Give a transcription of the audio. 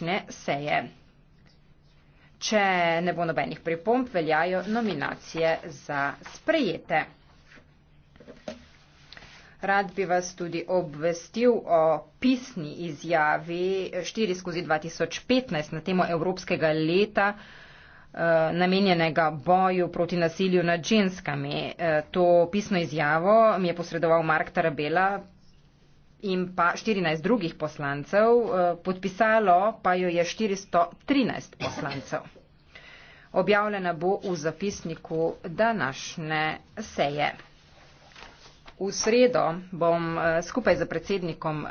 današnje seje. Če ne bo nobenih pripomb, veljajo nominacije za sprejete. Rad bi vas tudi obvestil o pisni izjavi 4 skozi 2015 na temo Evropskega leta eh, namenjenega boju proti nasilju nad ženskami. Eh, to pisno izjavo mi je posredoval Mark Tarabela, in pa 14 drugih poslancev, eh, podpisalo pa jo je 413 poslancev. Objavljena bo v zapisniku današnje seje. V sredo bom eh, skupaj z predsednikom